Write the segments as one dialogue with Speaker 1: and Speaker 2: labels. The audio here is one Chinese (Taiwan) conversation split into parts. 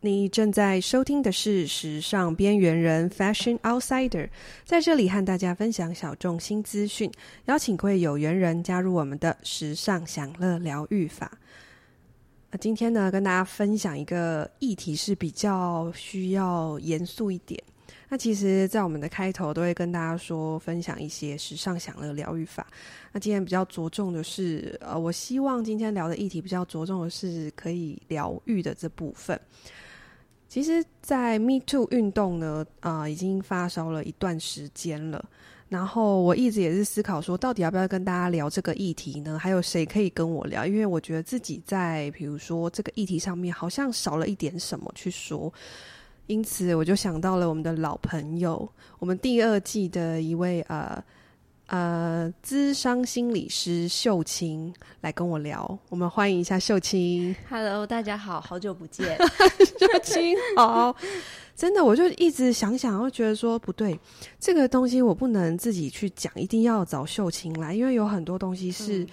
Speaker 1: 你正在收聽的是《時尚邊緣人》（Fashion Outsider），在這裡和大家分享小眾新資訊，邀請各位有緣人加入我們的時尚享樂療癒法。今天呢，跟大家分享一個議題是比較需要嚴肅一點。那其實，在我們的開頭都會跟大家說，分享一些時尚享樂療癒法。那今天比較着重的是，呃，我希望今天聊的議題比較着重的是可以療癒的這部分。其實，在 Me Too 運動呢，啊、呃，已經發燒了一段時間了。然後我一直也是思考說，到底要不要跟大家聊這個議題呢？還有誰可以跟我聊？因為我覺得自己在，比如說這個議題上面，好像少了一點什麼去說。因此，我就想到了我們的老朋友，我們第二季的一位呃。呃，諮商心理師秀清來跟我聊，我們歡迎一下秀清。
Speaker 2: Hello，大家好，好久不見，
Speaker 1: 秀清。好， oh, 真的，我就一直想想，我覺得說不對，這個東西我不能自己去講，一定要找秀清來，因為有很多東西是、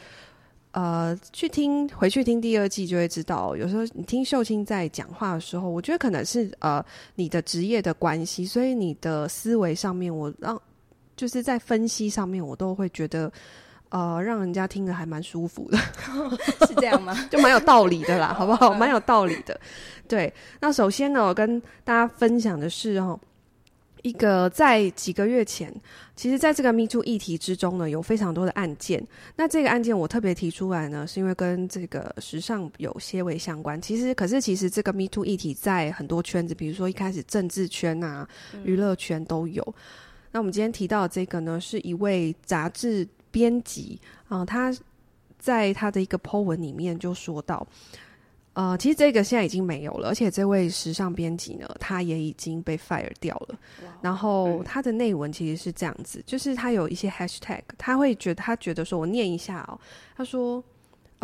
Speaker 1: 嗯、呃，去聽，回去聽第二季就會知道。有時候你聽秀清在講話的時候，我覺得可能是呃，你的職業的關係，所以你的思維上面，我讓。就是在分析上面，我都會覺得，呃，讓人家聽得還蠻舒服的， 是這樣嗎？ 就蠻有道理的啦， 好不好？蠻有道理的。對，那首先呢，我跟大家分享的是，哦，一個在幾個月前，其實在這個 Me Too 議題之中呢，有非常多的案件。那這個案件我特別提出來呢，是因為跟這個時尚有些微相關。其實，可是其實這個 Me Too 議題在很多圈子，比如說一開始政治圈啊、娛樂圈都有。嗯那我們今天提到的這個呢，是一位雜誌編輯啊，他在他的一個 po 文裡面就說到，呃，其實這個現在已經沒有了，而且這位時尚編輯呢，他也已經被 fire 掉了。Wow, 然後他的內文其實是這樣子，嗯、就是他有一些 hashtag，他會覺得他覺得說我念一下哦，他說。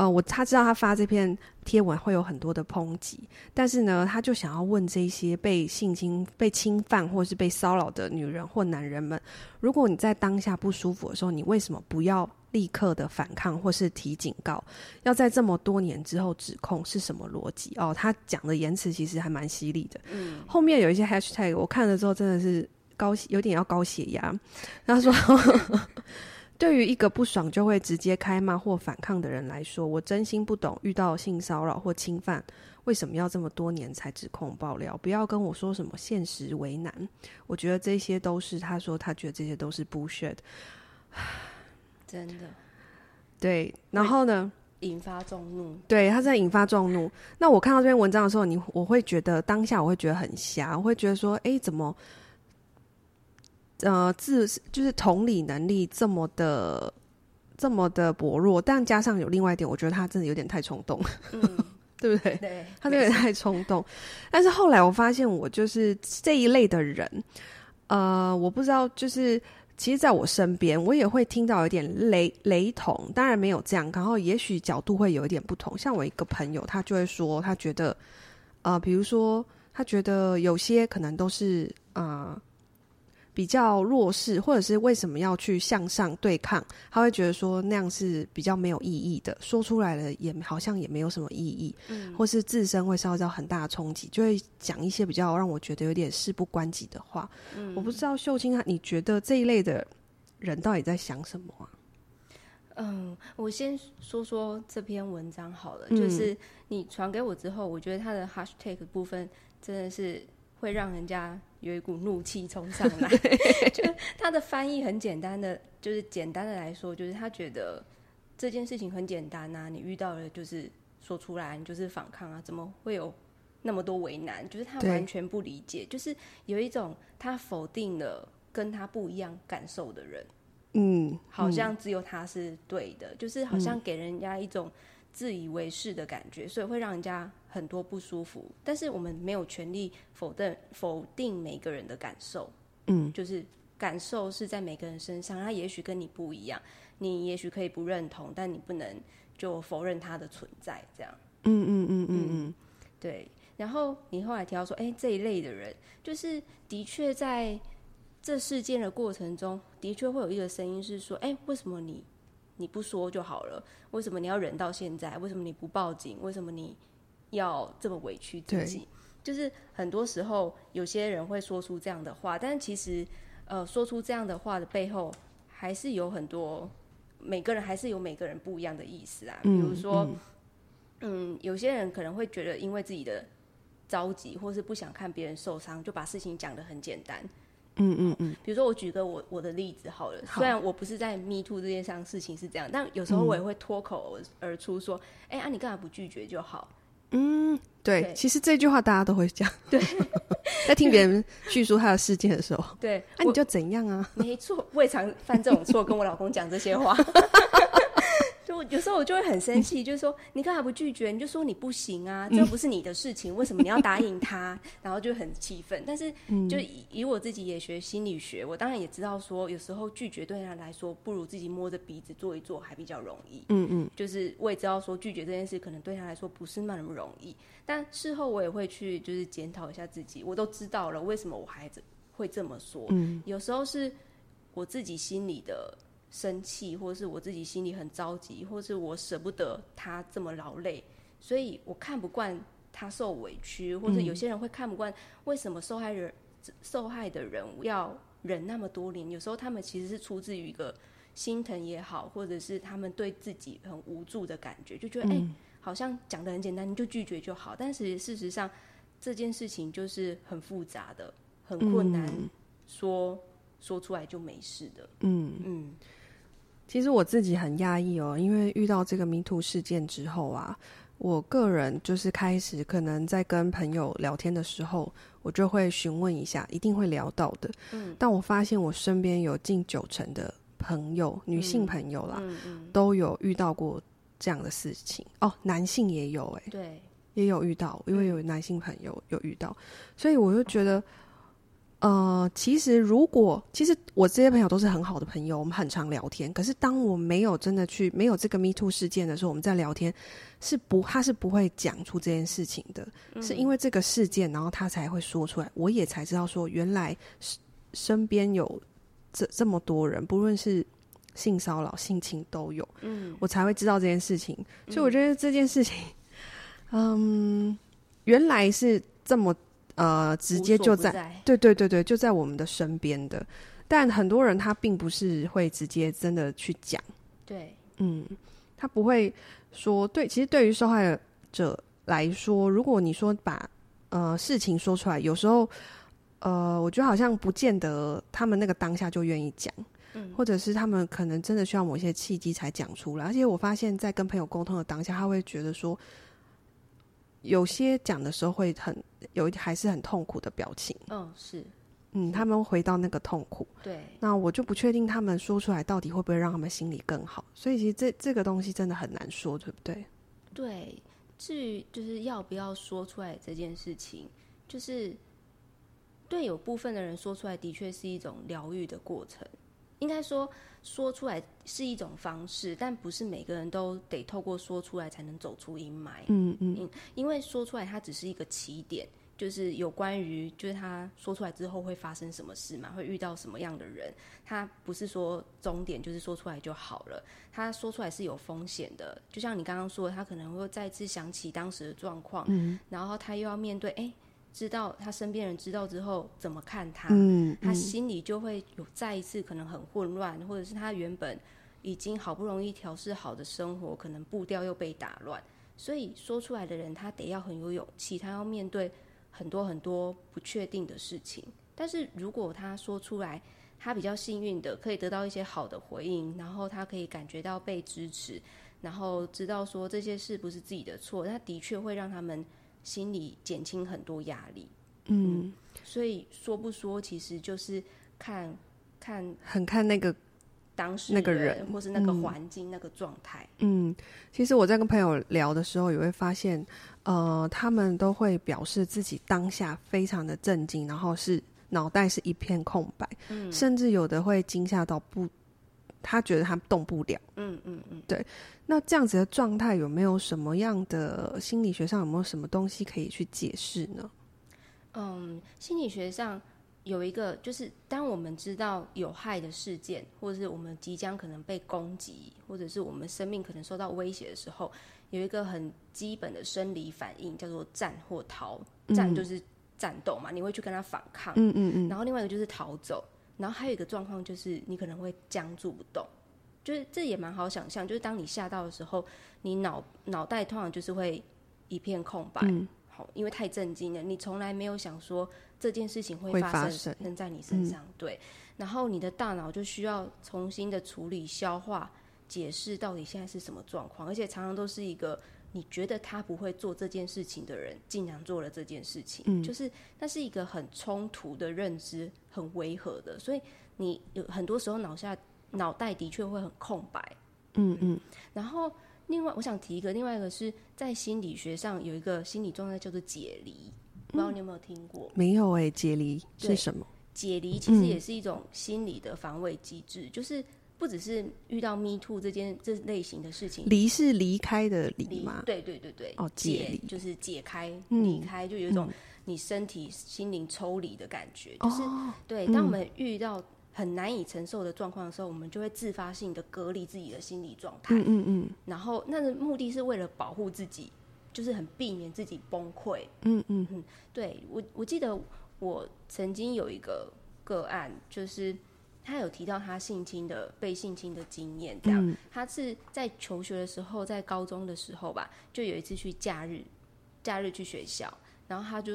Speaker 1: 呃，我他知道他發這篇貼文會有很多的抨擊，但是呢，他就想要問這些被性侵、被侵犯或是被騷擾的女人或男人們：如果你在當下不舒服的時候，你為什麼不要立刻的反抗或是提警告？要在這麼多年之後指控是什麼邏輯？哦，他講的言辭其實還蠻犀利的。嗯。後面有一些 hashtag，我看了之後真的是高，有點要高血壓。他說。 對於一個不爽就會直接開罵或反抗的人來說，我真心不懂遇到性騷擾或侵犯，為什麼要這麼多年才指控爆料？不要跟我說什麼現實為難，我覺得這些都是他說他覺得這些都是 bullshit，真的。對，然後呢？
Speaker 2: 引發眾怒。對，他
Speaker 1: 在引發眾怒。那我看到這篇文章的時候，你我會覺得當下我會覺得很瞎，我會覺得說，哎，怎麼？呃，自就是同理能力這麼的，這麼的薄弱，但加上有另外一點，我覺得他真的有點太衝動，嗯、 對不對？對，他真的有點太衝動。沒事。但是後來我發現，我就是這一類的人。呃，我不知道，就是其實在我身邊，我也會聽到有點雷雷同，當然沒有這樣，然後也許角度會有一點不同。像我一個朋友，他就會說，他覺得，呃，比如說，他覺得有些可能都是啊。呃比較弱勢，或者是為什麼要去向上對抗？他會覺得說那樣是比較沒有意義的，說出來了也好像也沒有什麼意義，嗯、或是自身會受到很大的衝擊，就會講一些比較讓我覺得有點事不關己的話。嗯、我不知道秀清，他你覺得這一類的人到底在想什麼、啊？嗯，
Speaker 2: 我先說說這篇文章好了，嗯、就是你傳給我之後，我覺得他的 hashtag 部分真的是會讓人家。有一股怒氣沖上來， 就他的翻譯很簡單的，就是簡單的來說，就是他覺得這件事情很簡單啊，你遇到了就是說出來，你就是反抗啊，怎麼會有那麼多為難？就是他完全不理解，對就是有一種他否定了跟他不一樣感受的人，
Speaker 1: 嗯，好像
Speaker 2: 只有他是對的，嗯、就是好像給人家一種自以為是的感覺，所以會讓人家。很多不舒服，但是我們沒有權利否定否定，每個人的感受，嗯，就是感受是在每個人身上，他也許跟你不一樣，你也許可以不認同，但你不能就否認它的存在，這樣，嗯嗯嗯嗯嗯，嗯，對。然後你後來提到說，欸，這一類的人，就是的確在這事件的過程中，的確會有一個聲音是說，欸，為什麼你你不說就好了？為什麼你要忍到現在？為什麼你不報警？為什麼你要這麼委屈自己，對就是很多時候有些人會說出這樣的話，但是其實，呃，說出這樣的話的背後還是有很多，每個人還是有每個人不一樣的意思啊。比如說，嗯，嗯，嗯，有些人可能會覺得因為自己的着急，或是不想看別人受傷，就把事情講得很簡單。嗯嗯嗯。嗯嗯比如說，我舉個我我的例子好了，好雖然我不是在 MeToo 這件事上，事情是這樣，但有時候我也會脫口而出說：“哎、嗯欸、啊，你幹嘛不拒絕就好。”
Speaker 1: 嗯，對，Okay. 其實這句話大家都會講。對呵呵，在聽別人敘述他的事件的時候， 對，那、啊、你就怎樣啊？
Speaker 2: 我沒錯，我也常犯這種錯， 跟我老公講這些話。 有時候我就會很生氣，就是說你幹嘛不拒絕？你就說你不行啊，這不是你的事情，為什麼你要答應他？然後就很氣憤。但是就以,以我自己也學心理學，我當然也知道說有時候拒絕對他來說，不如自己摸着鼻子做一做還比較容易。嗯嗯，就是我也知道說拒絕這件事可能對他來說不是那麼容易。但事後我也會去就是檢討一下自己，我都知道了為什麼我還會這麼說。嗯，有時候是我自己心裡的。生氣，或是我自己心裡很着急，或是我捨不得他這麼勞累，所以我看不慣他受委屈，或者有些人會看不慣為什麼受害人受害的人要忍那麼多年。有時候他們其實是出自於一個心疼也好，或者是他們對自己很無助的感覺，就覺得哎、嗯欸，好像講得很簡單，你就拒絕就好。但是事實上，這件事情就是很複雜的，很困難說，說、嗯、說出來就沒事的。嗯
Speaker 1: 嗯。嗯其實我自己很壓抑哦，因為遇到這個 MeToo 事件之後啊，我個人就是開始可能在跟朋友聊天的時候，我就會詢問一下，一定會聊到的。嗯、但我發現我身邊有近九成的朋友，女性朋友啦，嗯、都有遇到過這樣的事情。嗯、哦，男性也有哎、欸，
Speaker 2: 對，
Speaker 1: 也有遇到，因為有男性朋友有遇到，所以我就覺得。嗯呃，其實如果其實我這些朋友都是很好的朋友，我們很常聊天。可是當我沒有真的去沒有這個 Me Too 事件的時候，我們在聊天是不，他是不會講出這件事情的。嗯、是因為這個事件，然後他才會說出來。我也才知道說，原來身邊有這這麼多人，不論是性騷擾、性侵都有。嗯，我才會知道這件事情。所以我覺得這件事情，嗯，嗯，原來是這麼。呃，直接就在，在對對對對，就在我們的身邊的。但很多人他並不是會直接真的去講，對，嗯，他不會說對。其實對於受害者來說，如果你說把呃事情說出來，有時候，呃，我覺得好像不見得他們那個當下就願意講，嗯，或者是他們可能真的需要某些契機才講出來。而且我發現，在跟朋友溝通的當下，他會覺得說，有些講的時候會很。有一點還是很痛苦的表情。嗯、哦，是，嗯，是他們回到那個痛苦。對。那我就不確定他們說出來到底會不會讓他們心裡更好。所以其實這這個東西真的很難說，對不對？
Speaker 2: 對，至於就是要不要說出來這件事情，就是對有部分的人說出來的確是一種療癒的過程。應該說說出來是一種方式，但不是每個人都得透過說出來才能走出陰霾。嗯嗯，嗯，因為說出來它只是一個起點，就是有關於就是他說出來之後會發生什麼事嘛，會遇到什麼樣的人，他不是說終點就是說出來就好了。他說出來是有風險的，就像你剛剛說的，他可能會再次想起當時的狀況，嗯，然後他又要面對哎。欸知道他身邊人知道之後怎麼看他，嗯嗯、他心裡就會有再一次可能很混亂，或者是他原本已經好不容易調適好的生活，可能步調又被打亂。所以說出來的人，他得要很有勇氣，他要面對很多很多不確定的事情。但是如果他說出來，他比較幸運的可以得到一些好的回應，然後他可以感覺到被支持，然後知道說這些事不是自己的錯，他的確會讓他們。心裡減輕很多壓力，嗯，嗯，所以說不說，其實就是看，看，
Speaker 1: 很看那個
Speaker 2: 當時那個人，嗯、或是那個環境、嗯、那個狀態，嗯，
Speaker 1: 其實我在跟朋友聊的時候，也會發現，呃，他們都會表示自己當下非常的震驚，然後是腦袋是一片空白，嗯、甚至有的會驚嚇到不。他覺得他動不了。嗯嗯嗯，對。那這樣子的狀態有沒有什麼樣的心理學上有沒有什麼東西可以去解釋呢？嗯，
Speaker 2: 心理學上有一個，就是當我們知道有害的事件，或者是我們即將可能被攻擊，或者是我們生命可能受到威脅的時候，有一個很基本的生理反應叫做“戰”或“逃”。戰就是戰鬥嘛，嗯嗯，你會去跟他反抗。嗯嗯嗯。然後另外一個就是逃走。然後還有一個狀況就是，你可能會僵住不動，就是這也蠻好想象。就是當你嚇到的時候，你腦腦袋通常就是會一片空白，好、嗯，因為太震驚了。你從來沒有想說這件事情會發生在你身上，嗯、對。然後你的大腦就需要重新的處理、消化、解釋到底現在是什麼狀況，而且常常都是一個。你覺得他不會做這件事情的人，竟然做了這件事情，嗯、就是那是一個很衝突的認知，很違和的。所以你有很多時候腦下腦袋的確會很空白。嗯嗯、嗯。然後，另外我想提一個，另外一個是在心理學上有一個心理狀態叫做解離，嗯、不知道你有沒有聽過？
Speaker 1: 沒有哎、欸，解離對是什麼？
Speaker 2: 解離其實也是一種心理的防衛機制，嗯、就是。不只是遇到 “Me Too” 這件這類型的事情，離是
Speaker 1: 離開的離嗎？離，對
Speaker 2: 對對對，哦、oh,，解就是解開、嗯、離開，就有一種你身體、嗯、心靈抽離的感覺。就是、哦、對，嗯、當我們遇到很難以承受的狀況的時候，我們就會自發性的隔離自己的心理狀態、嗯。嗯嗯嗯，然後那個目的是為了保護自己，就是很避免自己崩潰、嗯。嗯嗯嗯，對我我記得我曾經有一個個案，就是。他有提到他性侵的被性侵的經驗，這樣，他是在求學的時候，在高中的時候吧，就有一次去假日，假日去學校，然後他就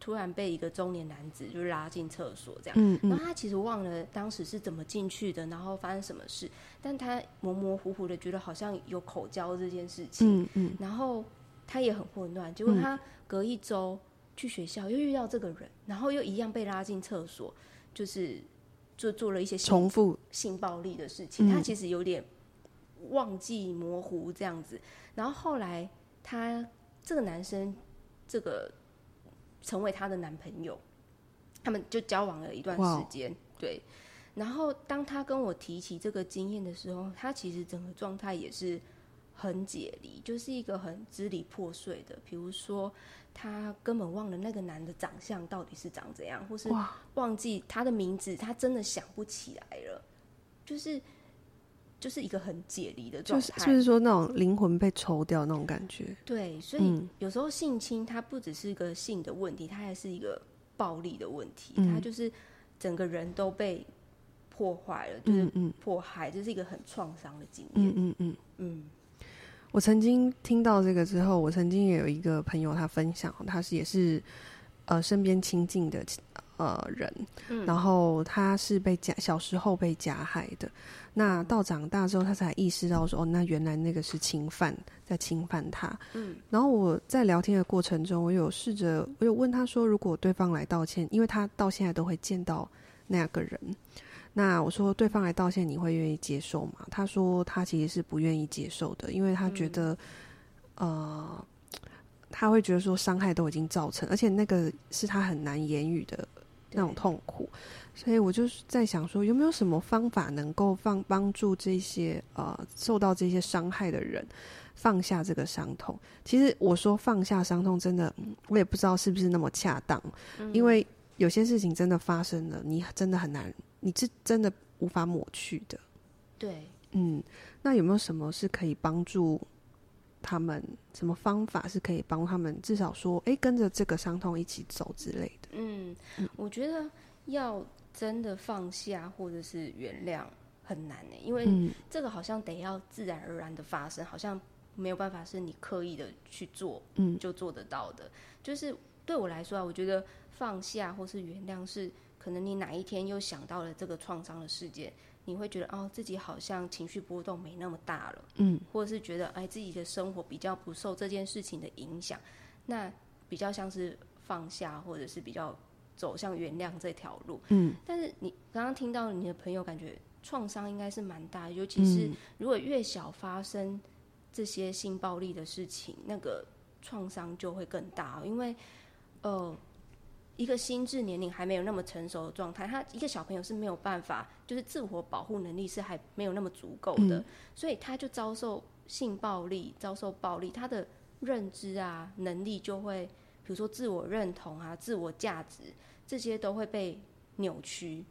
Speaker 2: 突然被一個中年男子就拉進廁所，這樣，然後他其實忘了當時是怎麼進去的，然後發生什麼事，但他模模糊糊的覺得好像有口交這件事情，然後他也很混亂，結果他隔一周去學校又遇到這個人，然後又一樣被拉進廁所，就是。就做了一些性，重複性暴力的事情，嗯、他其實有點忘記，模糊這樣子。然後後來他這個男生這個成為他的男朋友，他們就交往了一段時間。Wow 對，然後當他跟我提起這個經驗的時候，他其實整個狀態也是。很解離，就是一個很支離破碎的。比如說，他根本忘了那個男的長相到底是長怎樣，或是忘記他的名字，他真的想不起來了。就是，就是一個很解離的狀態、就是。就是說，那種靈
Speaker 1: 魂被抽掉那種感覺、嗯。
Speaker 2: 對，所以有時候性侵，它不只是一個性的問題，它還是一個暴力的問題。嗯、它就是整個人都被破壞了，就是嗯，破壞，就是一個很創傷的經驗、嗯。嗯嗯嗯。嗯
Speaker 1: 我曾經聽到這個之後，我曾經也有一個朋友，他分享，他是也是，呃，身邊親近的呃人，嗯、然後他是被加，小時候被加害的，那到長大之後，他才意識到說，哦，那原來那個是侵犯在侵犯他，嗯，然後我在聊天的過程中，我有試着，我有問他說，如果對方來道歉，因為他到現在都會見到那個人。那我說，對方來道歉，你會願意接受嗎？他說，他其實是不願意接受的，因為他覺得，嗯、呃，他會覺得說傷害都已經造成，而且那個是他很難言語的那種痛苦。對所以，我就是在想說，有沒有什麼方法能夠放幫助這些呃受到這些傷害的人放下這個傷痛？其實我說放下傷痛，真的，我也不知道是不是那麼恰當，嗯、因為有些事情真的發生了，你真的很難。你是真的無法抹去的，對，嗯，那有沒有什麼是可以幫助他們？什麼方法是可以幫他們？至少說，哎、欸，跟着這個傷痛一起走之類
Speaker 2: 的。嗯，我覺得要真的放下或者是原諒很難呢、欸，因為這個好像得要自然而然的發生，嗯、好像沒有辦法是你刻意的去做，嗯，就做得到的。嗯、就是對我來說啊，我覺得放下或是原諒是。可能你哪一天又想到了這個創傷的事件，你會覺得哦，自己好像情緒波動沒那麼大了，嗯，或者是覺得哎，自己的生活比較不受這件事情的影響，那比較像是放下，或者是比較走向原諒這條路，嗯。但是你剛剛聽到你的朋友感覺創傷應該是蠻大的，尤其是如果越小發生這些性暴力的事情，那個創傷就會更大，因為呃。一個心智年齡還沒有那麼成熟的狀態，他一個小朋友是沒有辦法，就是自我保護能力是還沒有那麼足夠的，嗯、所以他就遭受性暴力、遭受暴力，他的認知啊、能力就會，比如說自我認同啊、自我價值這些都會被扭曲。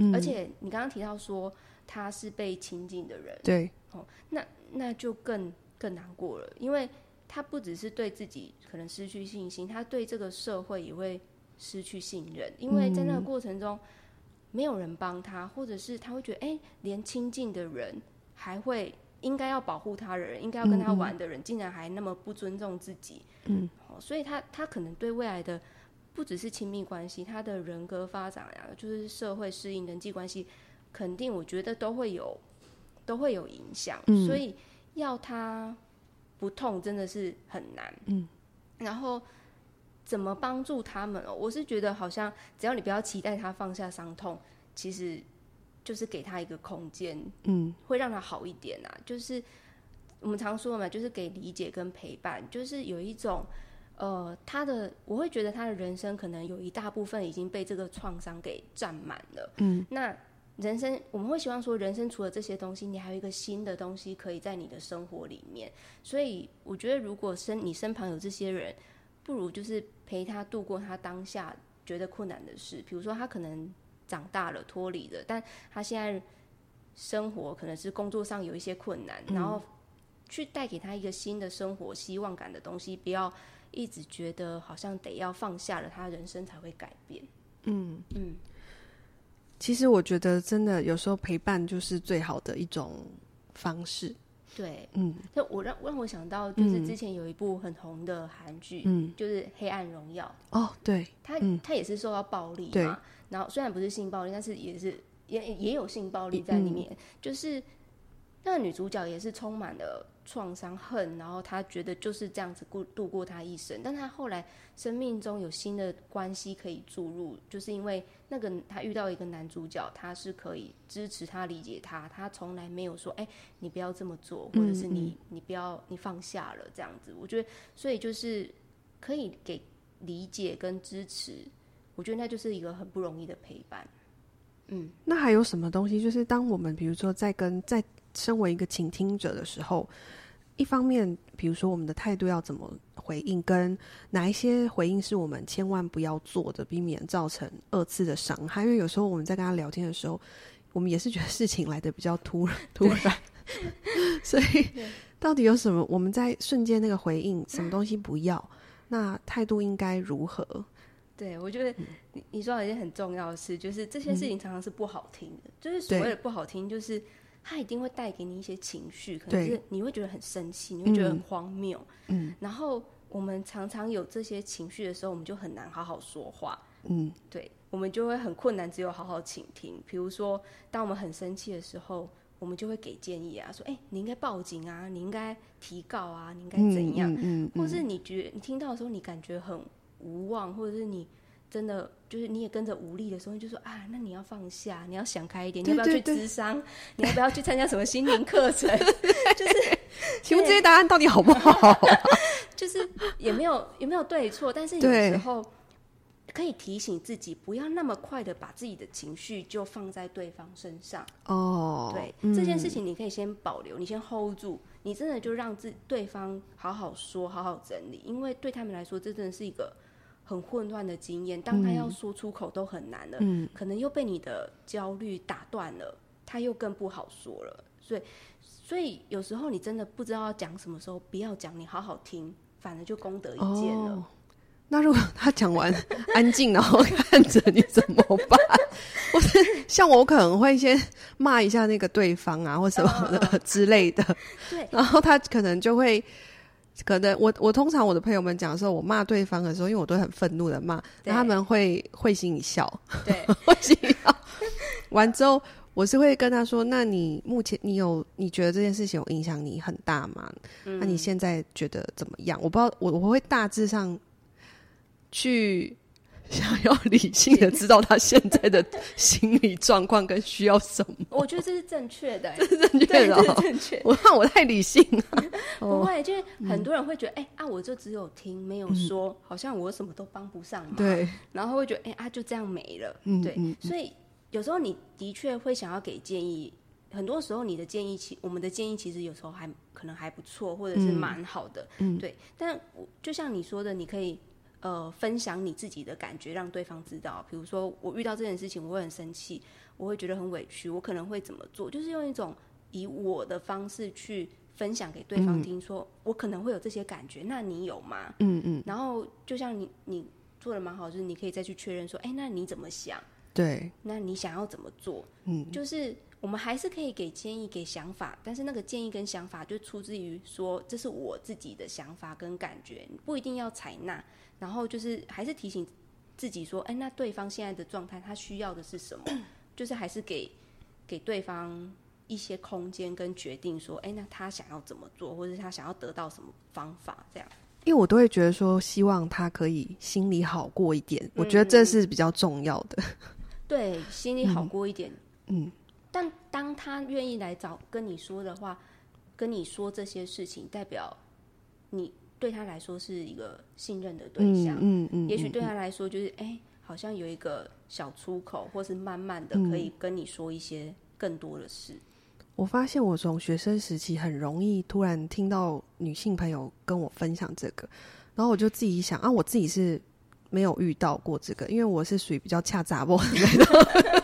Speaker 2: 嗯、而且你剛剛提到說他是被親近的人，對，哦，那那就更更難過了，因為他不只是對自己可能失去信心，他對這個社會也會。失去信任，因為在那個過程中，沒有人幫他，嗯、或者是他會覺得，誒、欸，連親近的人，還會應該要保護他的人，應該要跟他玩的人，竟然還那麼不尊重自己，嗯、哦，所以他他可能對未來的不只是親密關係，他的人格發展呀、啊，就是社會適應、人際關係，肯定我覺得都會有都會有影響，嗯、所以要他不痛真的是很難，嗯，然後。怎麼幫助他們哦？我是覺得好像只要你不要期待他放下傷痛，其實就是給他一個空間，嗯，會讓他好一點啊。嗯，就是我們常說嘛，就是給理解跟陪伴，就是有一種呃，他的我會覺得他的人生可能有一大部分已經被這個創傷給佔滿了，嗯。那人生我們會希望說，人生除了這些東西，你還有一個新的東西可以在你的生活裡面。所以我覺得，如果身你身旁有這些人，不如就是陪他度過他當下覺得困難的事，比如說他可能長大了脫離了，但他現在生活可能是工作上有一些困難，嗯、然後去帶給他一個新的生活希望感的東西，不要一直覺得好像得要放下了，他人生才會改變。嗯
Speaker 1: 嗯，嗯其實我覺得真的有時候陪伴就是最好的一種方式。
Speaker 2: 對，嗯，那我讓我讓我想到，就是之前有一部很紅的韓劇，嗯，就是《黑暗榮耀》
Speaker 1: 哦，對，他
Speaker 2: 它，嗯，它也是受到暴力嘛，對，然後雖然不是性暴力，但是也是也也有性暴力在裡面，嗯，就是那個女主角也是充滿了，創傷恨，然後他覺得就是這樣子過度過他一生。但他後來生命中有新的關係可以注入，就是因為那個他遇到一個男主角，他是可以支持他、理解他。他從來沒有說：“哎，欸，你不要這麼做，或者是你你不要你放下了這樣子。”嗯，嗯，我覺得，所以就是可以給理解跟支持。我覺得那就是一個很不容易的陪伴。
Speaker 1: 嗯，那還有什麼東西？就是當我們比如說在跟在。身為一個傾聽者的時候，一方面，比如說我們的態度要怎麼回應，跟哪一些回應是我們千萬不要做的，避免造成二次的傷害。因為有時候我們在跟他聊天的時候，我們也是覺得事情來得比較突然對突然， 所以對到底有什麼？我們在瞬間那個回應什麼東西不要？啊、那態度應該如何？
Speaker 2: 對我覺得你、嗯、你說到一件很重要的事，就是這些事情常常是不好聽的，嗯、就是所謂的不好聽，就是。他一定會帶給你一些情緒，可是你會覺得很生氣，對你會覺得很荒謬、嗯。嗯，然後我們常常有這些情緒的時候，我們就很難好好說話。嗯，對，我們就會很困難，只有好好傾聽。比如說，當我們很生氣的時候，我們就會給建議啊，說：“哎、欸，你應該報警啊，你應該提告啊，你應該怎樣？”嗯嗯，嗯嗯或是你覺得你聽到的時候，你感覺很無望，或者是你。真的就是，你也跟着無力的時候，就說啊，那你要放下，你要想開一點，對對對，你要不要去諮商？對對對，你要不要去參加什麼心靈課程？ 就是請問這些答案到底好不好啊？ 就是也沒有也沒有對錯，但是有時候可以提醒自己，不要那麼快的把自己的情緒就放在對方身上哦。
Speaker 1: Oh, 對，嗯。這件事情，你
Speaker 2: 可以先保留，你先 hold 住，你真的就讓自對方好好說，好好整理，因為對他們來說，這真的是一個。很混亂的經驗，當他要說出口都很難了，嗯嗯、可能又被你的焦慮打斷了，他又更不好說了。所以，所以有時候你真的不知道要講什麼時候，不要講，你好好聽，反而就功德一件了，哦。
Speaker 1: 那如果他講完安靜，然後看着你怎麼辦？我 像我可能會先罵一下那個對方啊，或什麼的哦哦之類的，
Speaker 2: 對，然後
Speaker 1: 他可能就會。可能我我通常我的朋友們講的時候，我罵對方的時候，因為我都很憤怒的罵，對他們會會心一笑，對，會心一笑。完之後，我是會跟他說：“那你目前你有你覺得這件事情有影響你很大嗎？那、嗯啊、你現在覺得怎麼樣？”我不知道，我我會大致上去。想要理性的知道他現在的心理狀況跟需
Speaker 2: 要什麼，我覺得這是正確的，這是正確的，正確。我看我太理性了，不會，就是很多人會覺得，哎啊，我就只有聽沒有說，好像我什麼都幫不上忙，對。然後會覺得，哎啊，就這樣沒了，嗯，對。所以有時候你的確會想要給建議，很多時候你的建議，其我們的建議其實有時候還可能還不錯，或者是蠻好的，嗯，對。但就像你說的，你可以。呃，分享你自己的感覺，讓對方知道。比如說，我遇到這件事情，我會很生氣，我會覺得很委屈，我可能會怎麼做，就是用一種以我的方式去分享給對方聽說，說、嗯、我可能會有這些感覺，那你有嗎？嗯嗯。然後，就像你你做的蠻好，就是你可以再去確認說，哎、欸，那你怎麼想？
Speaker 1: 對。
Speaker 2: 那你想要怎麼做？嗯，就是。我們還是可以給建議、給想法，但是那個建議跟想法就出自於說，這是我自己的想法跟感覺，你不一定要採納。然後就是還是提醒自己說，哎，那對方現在的狀態，他需要的是什麼？ 就是還是給給對方一些空間跟決定，說，哎，那他想要怎麼做，或者是他想要得到什麼方法？這樣，
Speaker 1: 因為我都會覺得說，希望他可以心裡好過一點，嗯、我覺得這是比較重要的。
Speaker 2: 對，心裡好過一點，嗯。嗯但當他願意來找跟你說的話，跟你說這些事情，代表你對他來說是一個信任的對象。嗯嗯，嗯嗯也許對他來說，就是哎，嗯欸、好像有一個小出口，嗯、或是慢慢的可以跟你說一些更多的事。
Speaker 1: 我發現我從學生時期很容易突然聽到女性朋友跟我分享這個，然後我就自己想啊，我自己是沒有遇到過這個，因為我是屬於比較恰查某的那種。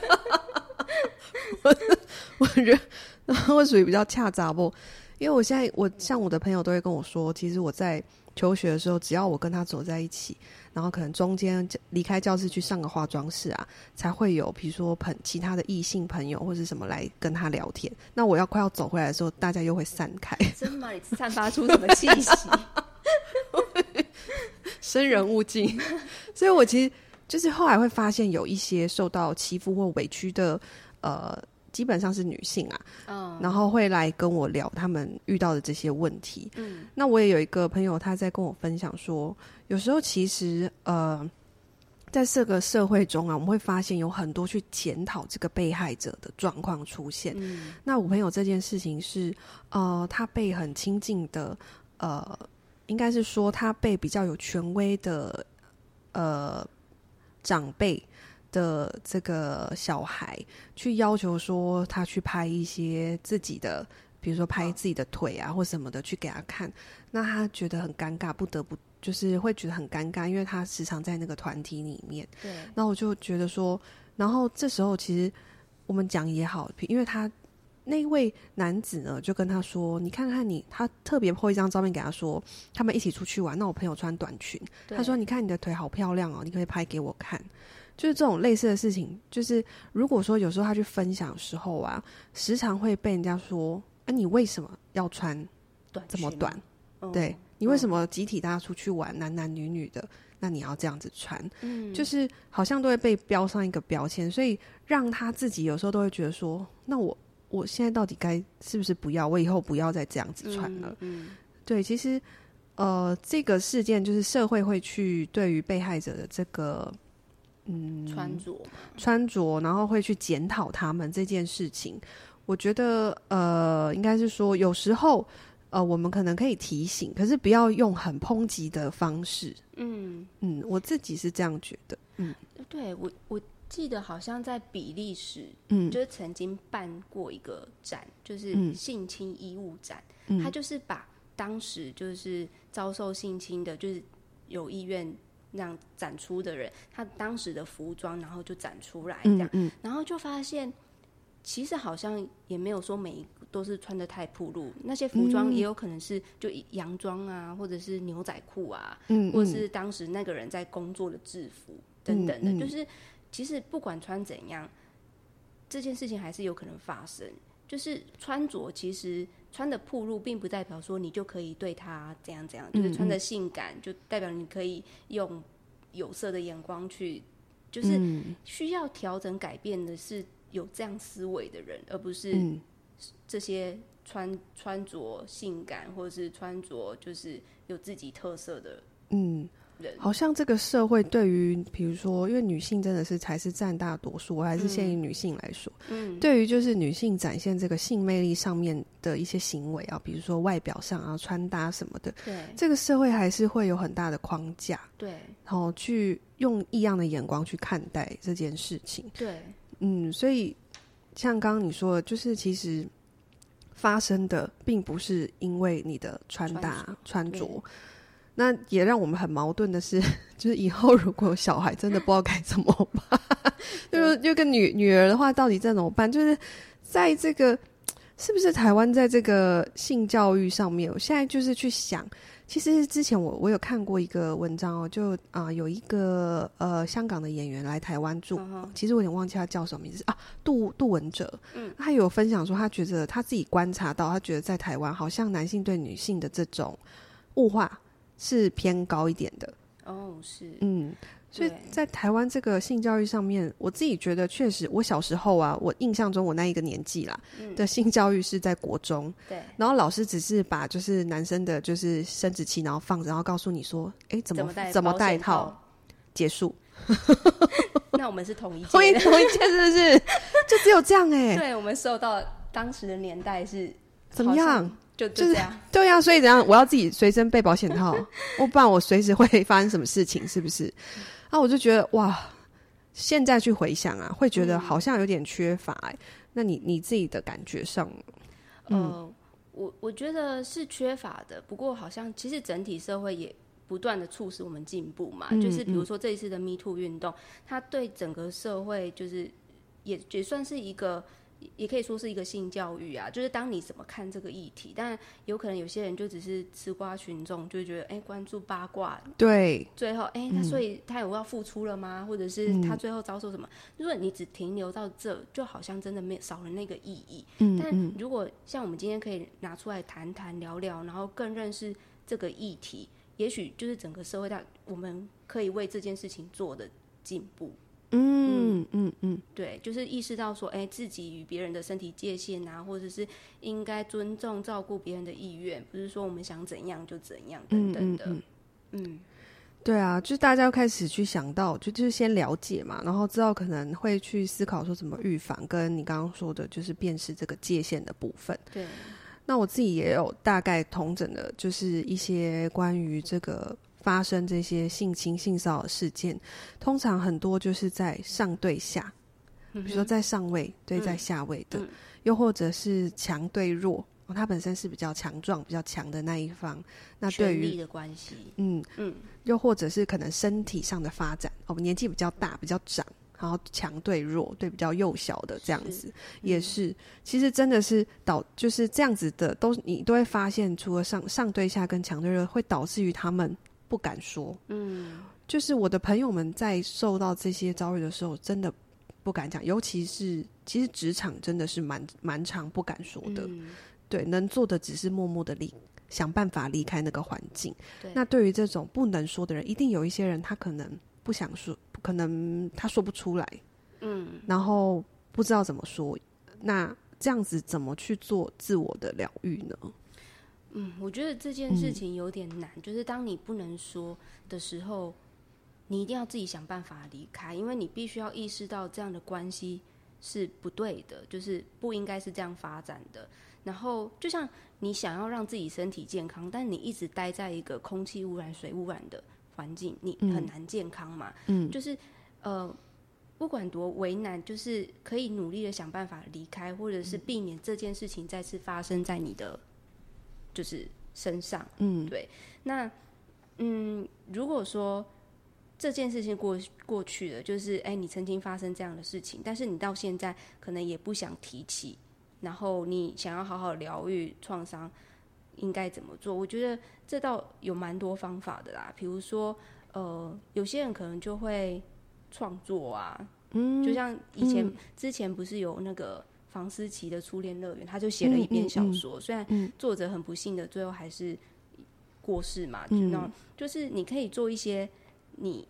Speaker 1: 我覺得會屬於比較恰雜不，因為我現在我像我的朋友都會跟我說，其實我在求學的時候，只要我跟他走在一起，然後可能中間離開教室去上個化妝室啊，才會有比如說朋其他的異性朋友或是什麼來跟他聊天。那我要快要走回來的時候，大家又會散開。真的
Speaker 2: 嗎？你是散發出什麼氣息？
Speaker 1: 生 人勿近。所以我其實就是後來會發現有一些受到欺負或委屈的呃。基本上是女性啊，oh. 然後會來跟我聊他們遇到的這些問題。嗯，那我也有一個朋友，他在跟我分享說，有時候其實呃，在這個社會中啊，我們會發現有很多去檢討這個被害者的狀況出現。嗯，那我朋友這件事情是呃，他被很親近的呃，應該是說他被比較有權威的呃長輩。的這個小孩去要求說，他去拍一些自己的，比如說拍自己的腿啊，哦、或什麼的，去給他看。那他覺得很尷尬，不得不就是會覺得很尷尬，因為他時常在那個團體裡面。對。那我就覺得說，然後這時候其實我們講也好，因為他那位男子呢就跟他說：“你看看你。”他特別 PO 一張照片給他說：“他們一起出去玩，那我朋友穿短裙。對”他說：“你看你的腿好漂亮哦，你可以拍給我看。”就是這種類似的事情，就是如果說有時候他去分享的時候啊，時常會被人家說：“哎、啊，你為什麼要穿短這麼短？”短哦、對你為什麼集體大家出去玩，男男女女的，哦、那你要這樣子穿，嗯、就是好像都會被標上一個標籤，所以讓他自己有時候都會覺得說：“那我我現在到底該是不是不要？我以後不要再這樣子穿了。嗯”嗯、對，其實呃，這個事件就是社會會去對於被害者的這個。嗯，穿着穿着，然後會去檢討他們這件事情。我覺得呃，應該是說有時候呃，我們可能可以提醒，可是不要用很抨擊的方式。嗯嗯，我自己是這樣覺得。
Speaker 2: 嗯，對，我我記得好像在比利時，嗯，就是曾經辦過一個展，就是性侵衣物展。嗯，他就是把當時就是遭受性侵的，就是有意願。那樣展出的人，他當時的服裝，然後就展出來這樣，嗯嗯、然後就發現，其實好像也沒有說每一個都是穿得太暴露，那些服裝也有可能是就洋裝啊，嗯、或者是牛仔褲啊，嗯嗯、或者是當時那個人在工作的制服等等的，嗯嗯、就是其實不管穿怎樣，這件事情還是有可能發生，就是穿着其實。穿的暴露並不代表說你就可以對他怎樣怎樣，就是穿的性感就代表你可以用有色的眼光去，就是需要調整改變的是有這樣思維的人，而不是這些穿穿着性感或者是穿着就是有自己特色的人。嗯，好
Speaker 1: 像這個社會對於比如說，因為女性真的是才是佔大多數，我還是限於女性來說，嗯，對於就是女性展現這個性魅力上面。的一些行為啊，比如說外表上啊，穿搭什麼的。對。這個社會還是會有很大的框架。
Speaker 2: 對。然
Speaker 1: 後去用異樣的眼光去看待這件事情。
Speaker 2: 對。
Speaker 1: 嗯，所以像剛剛你說的，就是其實發生的，並不是因為你的穿搭穿着。穿着對那也讓我們很矛盾的是， 就是以後如果有小孩，真的不知道該怎麼辦。啊、 就是就跟女女兒的話，到底該怎麼辦？就是在這個。是不是台灣在這個性教育上面？我現在就是去想，其實之前我我有看過一個文章哦、喔，就啊、呃、有一個呃香港的演員來台灣住，其實我有點忘記他叫什麼名字啊，杜杜汶澤，嗯，他有分享說他覺得他自己觀察到，他覺得在台灣好像男性對女性的這種物化是偏高一點的，
Speaker 2: 哦，是，嗯。
Speaker 1: 所以在台灣這個性教育上面，我自己覺得確實，我小時候啊，我印象中我那一個年紀啦的性教育是在國中，對，然後老師只是把就是男生的就是生殖器，然後放着，然後告訴你說，哎，怎麼怎麼戴套結束？
Speaker 2: 那我們是同一屆，同一同一屆
Speaker 1: 是不是？就只有這樣哎？對，
Speaker 2: 我們受到當時的年代是怎麼樣？就就是
Speaker 1: 這樣，對呀，所以怎樣？我要自己隨身備保險套，我不然我隨時會發生什麼事情？是不是？那、啊、我就覺得哇，現在去回想啊，會覺得好像有點缺乏，哎、欸。嗯、那你你自己的感覺上，呃、
Speaker 2: 嗯，我我覺得是缺乏的。不過好像其實整體社會也不斷的促使我們進步嘛，嗯、就是比如說這一次的 Me Too 運動，嗯、它對整個社會就是也也算是一個。也可以說是一個性教育啊，就是當你怎麼看這個議題，但有可能有些人就只是吃瓜群眾，就覺得哎、欸、關注八卦，對，最後哎、欸、他所以，嗯、他有要付出了嗎？或者是他最後遭受什麼？嗯、如果你只停留到這，就好像真的沒有少了那個意義。但如果像我們今天可以拿出來談談聊聊，然後更認識這個議題，也許就是整個社會大我們可以為這件事情做的進步。嗯。嗯嗯嗯，嗯對，就是意識到說，哎、欸，自己與別人的身體界限啊，或者是應該尊重照顧別人的意願，不是說我們想怎樣就怎樣，
Speaker 1: 等等的，嗯，嗯嗯嗯對啊，就大家開始去想到，就就是先了解嘛，然後知道可能會去思考說怎麼預防，跟你剛剛說的就是辨識這個界限的部分。對，那我自己也有大概統整的，就是一些關於這個。發生這些性侵、性騷擾事件，通常很多就是在上對下，比如說在上位對在下位的，嗯嗯、又或者是強對弱，它、哦、本身是比較強壯、比較強的那一方。那對於權力的
Speaker 2: 關係，嗯嗯，
Speaker 1: 嗯又或者是可能身體上的發展，哦，年紀比較大、比較長，然後強對弱，對比較幼小的這樣子是、嗯、也是。其實真的是導就是這樣子的，都你都會發現，除了上上對下跟強對弱，會導致於他們，不敢說，嗯，就是我的朋友們在受到這些遭遇的時候，真的不敢講。尤其是其實職場真的是蠻蠻常不敢說的，嗯、對，能做的只是默默的離，想辦法離開那個環境。對，那對於這種不能說的人，一定有一些人他可能不想說，可能他說不出來，嗯，然後不知道怎麼說。那這樣子怎麼去做自我的療癒呢？
Speaker 2: 嗯，我覺得這件事情有點難，嗯，就是當你不能說的時候，你一定要自己想辦法離開，因為你必須要意識到這樣的關係是不對的，就是不應該是這樣發展的。然後，就像你想要讓自己身體健康，但你一直待在一個空氣污染，水污染的環境，你很難健康嘛？嗯，就是呃，不管多為難，就是可以努力的想辦法離開，或者是避免這件事情再次發生在你的。就是身上，嗯，對，那，嗯，如果說這件事情過過去了，就是哎、欸，你曾經發生這樣的事情，但是你到現在可能也不想提起，然後你想要好好療癒創傷，應該怎麼做？我覺得這倒有蠻多方法的啦，比如說，呃，有些人可能就會創作啊，嗯，就像以前、嗯、之前不是有那個。房思琪的初戀樂園，他就寫了一篇小說。嗯嗯嗯、雖然作者很不幸的最後還是過世嘛，嗯、就那，就是你可以做一些你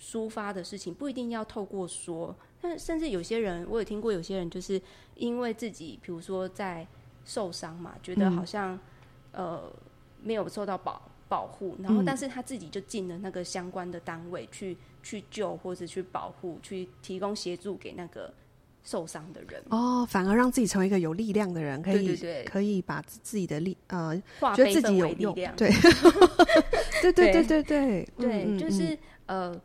Speaker 2: 抒發的事情，不一定要透過說。但甚至有些人，我有聽過，有些人就是因為自己，比如說在受傷嘛，嗯、覺得好像呃沒有受到保保護，然後但是他自己就進了那個相關的單位去、嗯、去救或者去保護，去提供協助給那個。受傷的
Speaker 1: 人哦，反而讓自己成為一個有力量的人，可以對對對，可以把自己的力呃，化悲憤為力量覺得自己有力量，對，
Speaker 2: 對 對對對對對，就是呃，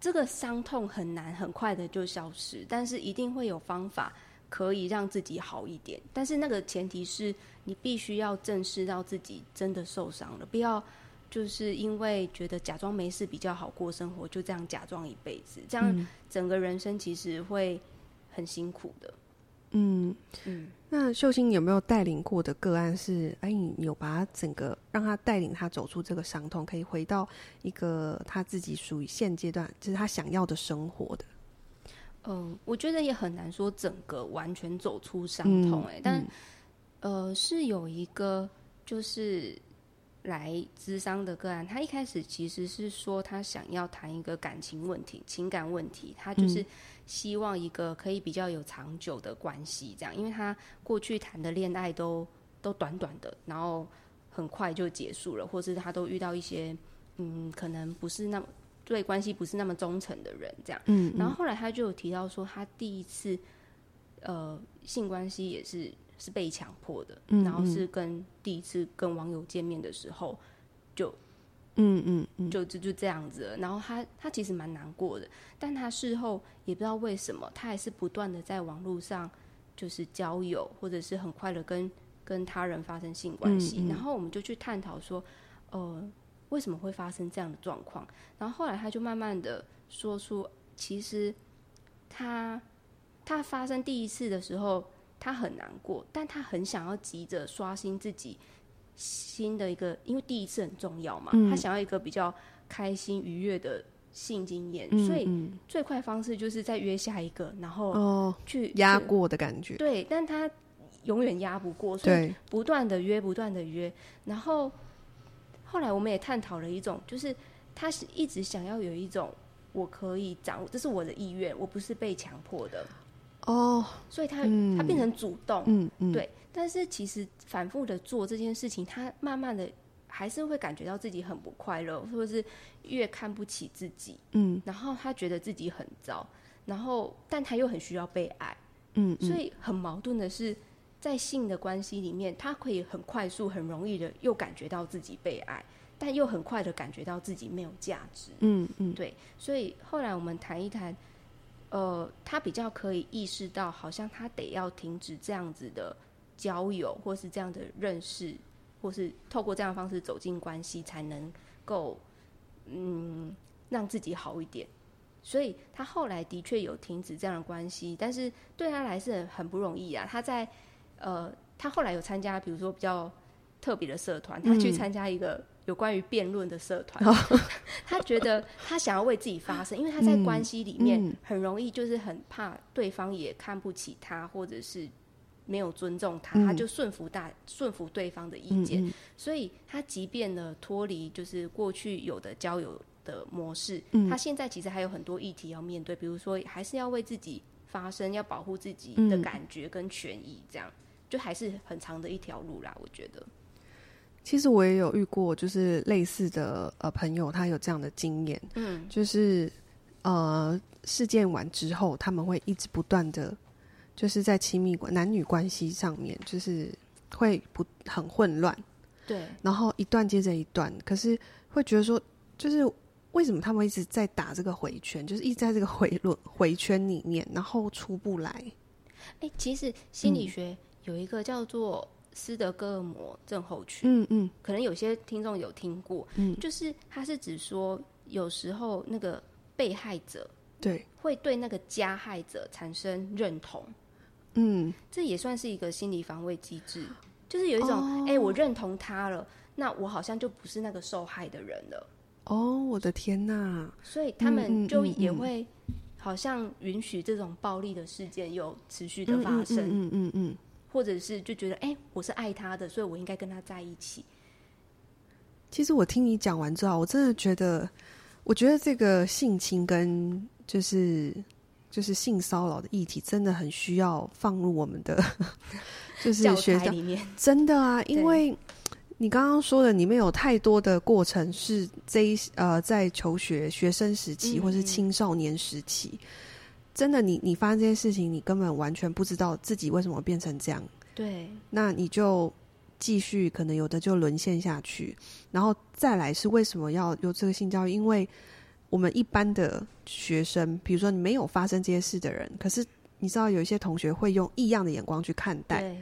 Speaker 2: 這個傷痛很難很快的就消失，但是一定會有方法可以讓自己好一點。但是那個前提是你必須要正視到自己真的受傷了，不要就是因為覺得假裝沒事比較好過生活，就這樣假裝一輩子，這樣整個人生其實會。很辛苦的，
Speaker 1: 嗯嗯。嗯，那秀清有沒有帶領過的個案是，哎，你有把他整個讓他帶領他走出這個傷痛，可以回到一個他自己屬於現階段，就是他想要的生活的。
Speaker 2: 嗯、呃，我覺得也很難說整個完全走出傷痛，欸，哎、嗯，嗯，但呃，是有一個就是來諮商的個案，他一開始其實是說他想要談一個感情問題，情感問題，他就是、嗯。希望一個可以比較有長久的關係，這樣，因為他過去談的戀愛都都短短的，然後很快就結束了，或是他都遇到一些嗯，可能不是那麼對關係不是那麼忠誠的人，這樣。嗯嗯。然後後來他就有提到說，他第一次呃性關係也是是被強迫的，嗯嗯。然後是跟第一次跟網友見面的時候就。嗯嗯嗯，嗯嗯就就就這樣子了，然後他他其實蠻難過的，但他事後也不知道為什麼，他還是不斷的在網絡上就是交友，或者是很快的跟跟他人發生性關係，嗯嗯、然後我們就去探討說，呃，為什麼會發生這樣的狀況？然後後來他就慢慢的說出，其實他他發生第一次的時候，他很難過，但他很想要急着刷新自己。新的一個，因為第一次很重要嘛，嗯、他想要一個比較開心愉悅的性經驗，嗯、所以最快方式就是再約下一個，然後去壓、哦、對過
Speaker 1: 的感覺。對，
Speaker 2: 但他永遠壓不過，所以不斷的、的約，不斷的約。然後後來我們也探討了一種，就是他是一直想要有一種我可以掌握，這是我的意願，我不是被強迫的。哦，oh, 所以他，嗯、他變成主動，嗯嗯，嗯對。但是其實反復的做這件事情，他慢慢的還是會感覺到自己很不快樂，或者是越看不起自己，嗯。然後他覺得自己很糟，然後但他又很需要被愛，嗯。嗯所以很矛盾的是，在性的關係裡面，他可以很快速、很容易的又感覺到自己被愛，但又很快的感覺到自己沒有價值，嗯嗯，嗯對。所以後來我們談一談。呃，他比較可以意識到，好像他得要停止這樣子的交友，或是這樣的認識，或是透過這樣的方式走進關係，才能夠嗯讓自己好一點。所以他後來的確有停止這樣的關係，但是對他來說很不容易啊。他在呃，他後來有參加，比如說比較特別的社團，他去參加一個。有關於辯論的社團，oh、 他覺得他想要為自己發聲，因為他在關係裡面很容易就是很怕對方也看不起他，或者是沒有尊重他，他就順服大順服對方的意見。所以他即便呢脫離就是過去有的交友的模式，他現在其實還有很多議題要面對，比如說還是要為自己發聲，要保護自己的感覺跟權益，這樣就還是很長的一條路啦。我覺得。
Speaker 1: 其實我也有遇過，就是類似的呃朋友，他有這樣的經驗，嗯，就是呃事件完之後，他們會一直不斷地，就是在親密關男女關係上面，就是會不很混亂，對，然後一段接着一段，可是會覺得說，就是為什麼他們一直在打這個回圈，就是一直在這個回輪回圈裡面，然後出不來？
Speaker 2: 哎、欸，其實心理學有一個叫做、嗯。斯德哥爾摩症候群，嗯嗯，嗯，可能有些聽眾有聽過，嗯，就是他是指說，有時候那個被害者，對，會對那個加害者產生認同，嗯，這也算是一個心理防衛機制，就是有一種，哎、哦欸，我認同他了，那我好像就不是那個受害的人
Speaker 1: 了，哦，我的天吶、啊，所以他們就也會
Speaker 2: 好像允許這種暴力的事件有持續的發生，嗯嗯嗯。嗯嗯嗯嗯嗯嗯嗯嗯或者是就覺得，哎、欸，我是愛他的，所以我應該跟他在一起。
Speaker 1: 其實我聽你講完之後，我真的覺得，我覺得這個性侵跟就是就是性騷擾的議題，真的很需要放入我們的就是學 裡面。真的啊，因為你剛剛說的，裡面有太多的過程是這一呃，在求學學生時期、嗯、或是青少年時期。真的你，你你發生這些事情，你根本完全不知道自己為什麼變成這樣。
Speaker 2: 對。
Speaker 1: 那你就繼續，可能有的就淪陷下去。然後再來是為什麼要有這個性教育？因為我們一般的學生，比如說你沒有發生這些事的人，可是你知道有一些同學會用異樣的眼光去看待，對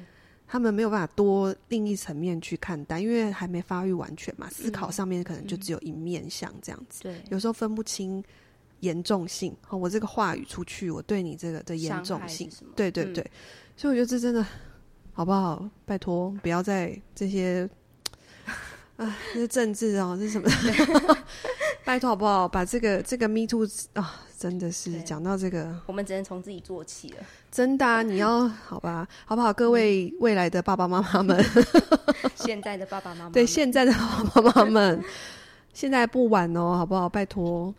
Speaker 1: 他們沒有辦法多另一層面去看待，因為還沒發育完全嘛，思考上面可能就只有一面相這樣子。嗯嗯、對。有時候分不清。嚴重性，我這個話語出去，我對你這個的嚴重性，對對對，所以我覺得這真的好不好？拜託，不要再這些啊，這是政治啊，這什麼？拜託好不好？把這個這個 Me Too 啊，真的是講到這個，
Speaker 2: 我們只能從自己做起了。
Speaker 1: 真的，你要好吧？好不好？各位未來的爸爸媽媽們，
Speaker 2: 現在的爸爸媽媽，對
Speaker 1: 現在的爸爸媽媽們，現在不晚哦，好不好？拜託。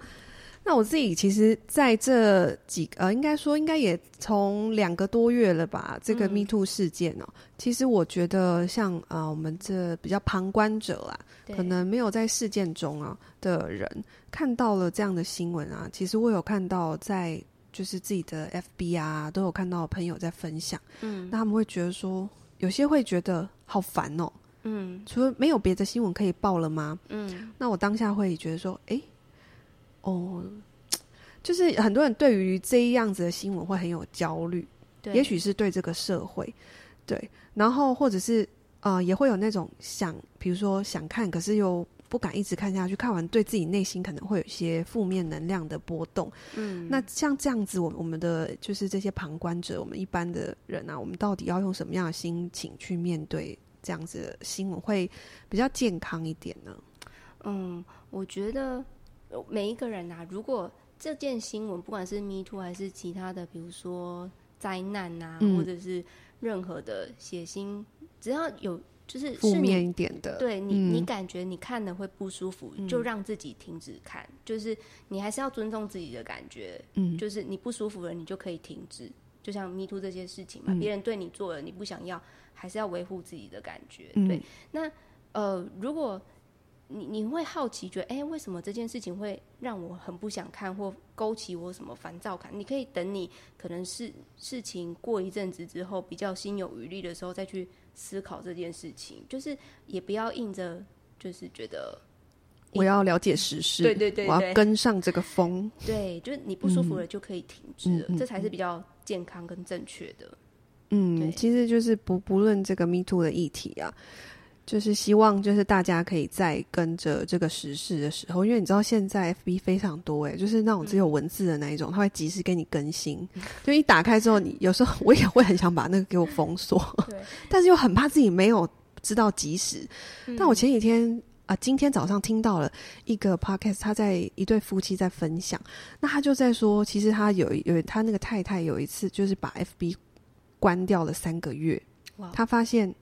Speaker 1: 那我自己其實在這幾呃、應該說應該也從兩個多月了吧。這個 Me Too 事件哦、喔，嗯、其實我覺得像啊、呃，我們這比較旁觀者啊，對可能沒有在事件中啊的人看到了這樣的新聞啊。其實我有看到在就是自己的 FB 啊，都有看到朋友在分享。嗯，那他們會覺得說，有些會覺得好煩哦、喔。嗯，除了沒有別的新聞可以報了嗎？嗯，那我當下會覺得說，哎、欸。哦，oh, 就是很多人對於這樣子的新聞會很有焦慮，對也許是對這個社會，對，然後或者是啊、呃，也會有那種想，比如說想看，可是又不敢一直看下去，看完對自己內心可能會有一些負面能量的波動，嗯，那像這樣子，我們我們的就是這些旁觀者，我們一般的人啊，我們到底要用什麼樣的心情去面對這樣子的新聞，會比較健
Speaker 2: 康一點呢？嗯，我覺得。每一個人吶、啊，如果這件新聞，不管是 Me Too 還是其他的，比如說災難啊，嗯、或者是任何的血腥，只要有就是負面一點的，對你，嗯、你感覺你看了會不舒服，就讓自己停止看。嗯、就是你還是要尊重自己的感覺，嗯、就是你不舒服了，你就可以停止。就像 Me Too 這些事情嘛，別、嗯、人對你做了，你不想要，還是要維護自己的感覺。嗯、對，那呃，如果。你你會好奇，覺得哎、欸，為什麼這件事情會讓我很不想看，或勾起我什麼煩躁感？你可以等你可能是事情過一陣子之後，比較心有餘力的時候再去思考這件事情。就是也不要硬着，就是覺得
Speaker 1: 我要了解時事，對對對，對，我要跟上這個風。
Speaker 2: 對，就是你不舒服了就可以停止了，嗯、這才是比較健康跟正確的。
Speaker 1: 嗯，對其實就是不不論這個 Me Too 的議題啊。就是希望，就是大家可以在跟着這個時事的時候，因為你知道現在 FB 非常多哎、欸，就是那種只有文字的那一種，嗯、他會及時給你更新。嗯、就一打開之後，你有時候我也會很想把那個給我封鎖，對但是又很怕自己沒有知道及時。嗯、但我前幾天啊、呃，今天早上聽到了一個 podcast，他在一對夫妻在分享，那他就在說，其實他有有他那個太太有一次就是把 FB 關掉了三個月，哇他發現。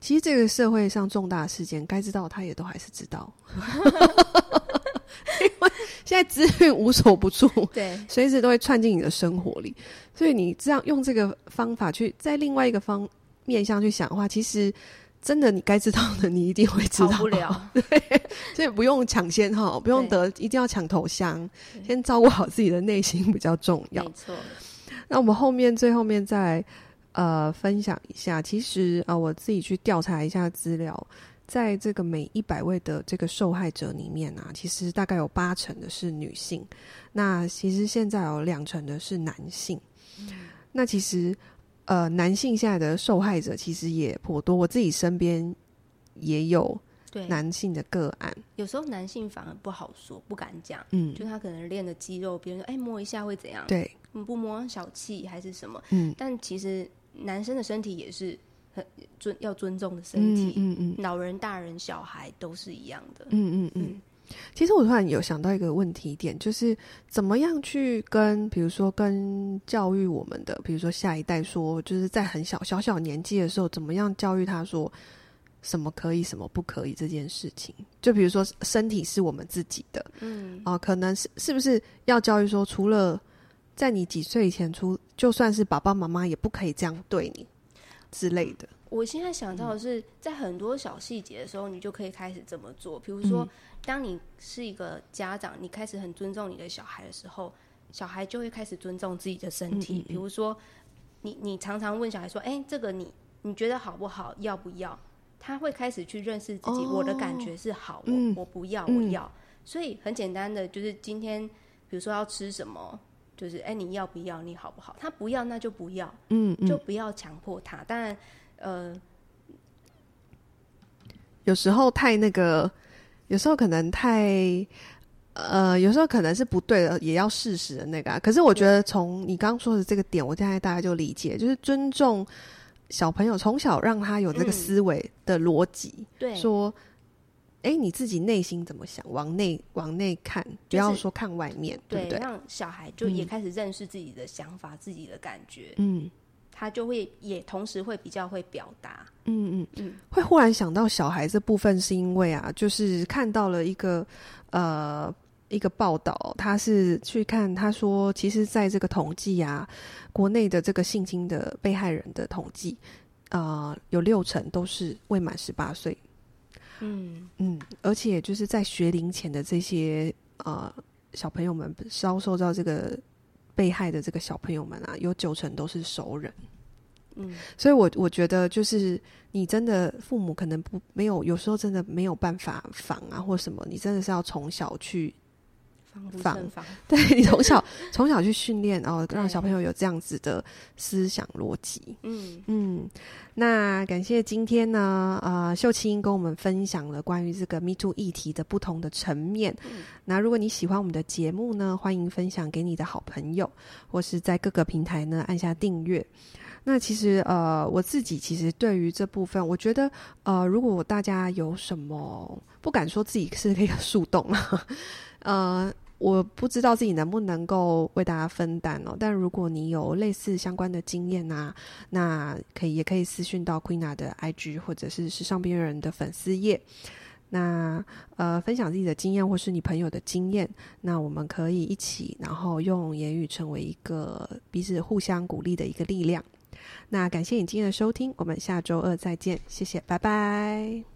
Speaker 1: 其實這個社會上重大的事件，該知道他也都還是知道， 因為現在資訊無所不處，對，隨時都會竄進你的生活裡。所以你這樣用這個方法去在另外一個方面上去想的話，其實真的你該知道的，你一定會知道。逃不了。
Speaker 2: 對，
Speaker 1: 所以不用搶先哈，不用得對一定要搶頭香，對先照顧好自己的內心比較重要。沒錯錯，那我們後面最後面再。呃，分享一下，其實啊、呃，我自己去調查一下資料，在這個每一百位的這個受害者裡面啊，其實大概有八成的是女性。那其實現在有兩成的是男性。嗯、那其實呃，男性現在的受害者其實也頗多，我自己身邊也有對男性的個案。
Speaker 2: 有時候男性反而不好說，不敢講。嗯。就他可能練的肌肉，別人說哎、欸、摸一下會怎樣？對。不摸小氣還是什麼？嗯。但其實。男生的身體也是很尊要尊重的身體，嗯嗯，嗯嗯老人、大人、小孩都是一樣的，嗯嗯
Speaker 1: 嗯。嗯嗯其實我突然有想到一個問題點，就是怎麼樣去跟，比如說跟教育我們的，比如說下一代說，就是在很小小小年紀的時候，怎麼樣教育他說什麼可以，什麼不可以這件事情？就比如說身體是我們自己的，嗯，啊、呃，可能是是不是要教育說，除了。在你幾歲以前出，就算是爸爸媽媽也不可以這樣對你，之類的。
Speaker 2: 我現在想到的是，嗯、在很多小細節的時候，你就可以開始這麼做。比如說，嗯、當你是一個家長，你開始很尊重你的小孩的時候，小孩就會開始尊重自己的身體。比、嗯嗯、如說，你你常常問小孩說：“誒、欸，這個你你覺得好不好？要不要？”他會開始去認識自己。哦、我的感覺是好，我、嗯、我不要，我要。嗯、所以很簡單的，就是今天比如說要吃什麼。就是哎、欸，你要不要？你好不好？他不要，那就不要，嗯，嗯就不要強迫他。但呃，
Speaker 1: 有時候太那個，有時候可能太呃，有時候可能是不對的，也要事實的那個、啊。可是我覺得，從你剛剛說的這個點，嗯、我現在大概就理解，就是尊重小朋友，從小讓他有這個思維的邏輯、嗯，對，說。哎，你自己內心怎麼想？往內往內看、不要、就是、說看外面，對對，對不對？讓
Speaker 2: 小孩就也開始認識自己的想法、嗯、自己的感覺。嗯，他就會也同時會比較會表達。嗯嗯嗯，嗯
Speaker 1: 會忽然想到小孩這部分，是因為啊，就是看到了一個呃一個報道，他是去看他說，其實在這個統計啊，國內的這個性侵的被害人的統計，啊、呃，有六成都是未滿十八歲。嗯嗯，而且就是在學齡前的這些呃小朋友們，遭受到這個被害的這個小朋友們啊，有九成都是熟人。嗯，所以我，我我覺得就是你真的父母可能不沒有，有時候真的沒有辦法防啊或什麼，你真的是要從小去。方對，你從小從 小去訓練，然、哦、後讓小朋友有這樣子的思想邏輯。嗯嗯，那感謝今天呢，呃，秀清跟我們分享了關於這個 “me too” 議題的不同的層面。嗯、那如果你喜歡我們的節目呢，歡迎分享給你的好朋友，或是在各個平台呢按下訂閱。那其實呃，我自己其實對於這部分，我覺得呃，如果大家有什麼不敢說自己是那個樹洞，呃。我不知道自己能不能夠為大家分擔哦，但如果你有類似相關的經驗啊，那可以也可以私訊到 Queena 的 IG 或者是時尚邊緣人的粉絲頁，那呃分享自己的經驗或是你朋友的經驗，那我們可以一起，然後用言語成為一個彼此互相鼓勵的一個力量。那感謝你今天的收聽，我們下周二再見，謝謝，拜拜。